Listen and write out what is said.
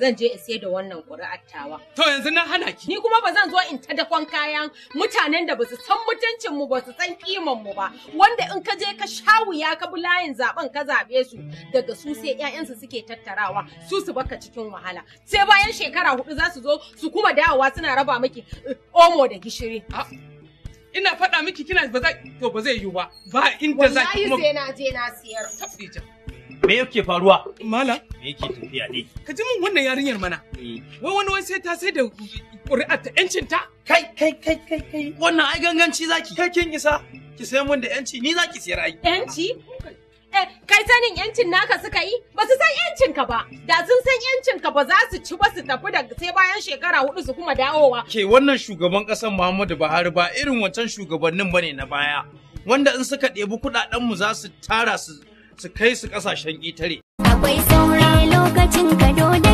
zan je in sayar da wannan ƙuri'ar tawa. To yanzu na hana ki. Ni kuma ba zan zo in ta dakon kayan mutanen da ba su san mutuncin mu ba su san kiman mu ba wanda in ka je ka sha wuya ka bi layin zaben ka zabe su daga su sai ƴaƴansu suke tattarawa su su baka cikin wahala sai bayan shekara hudu za su zo su kuma dawowa suna raba miki eh, omo da gishiri. Ina faɗa miki kina ba zai to ba zai yiwu ba ba inda za ki kuma. Wallahi sai na je na siyar. me yake faruwa mala me yake tafiya ne ka ji mun wannan yarinyar mana wai wani wai sai ta sai da ƙuri'ar ta ƴancin ta kai kai kai kai kai wannan ai ganganci zaki kai kin isa ki sai mun da yanci ni zaki siyar ai yanci eh, kai sanin yancin naka suka yi ba su san yancin ka ba da sun san yancin ka ba za su ci ba su tafi da sai bayan shekara hudu su kuma dawowa ke wannan shugaban ƙasar Muhammadu Buhari ba irin wancan shugabannin bane na baya wanda in suka ɗebi kuɗaɗen mu za su tara su su kai su ƙasashen itare. Akwai saurayi lokacin gado da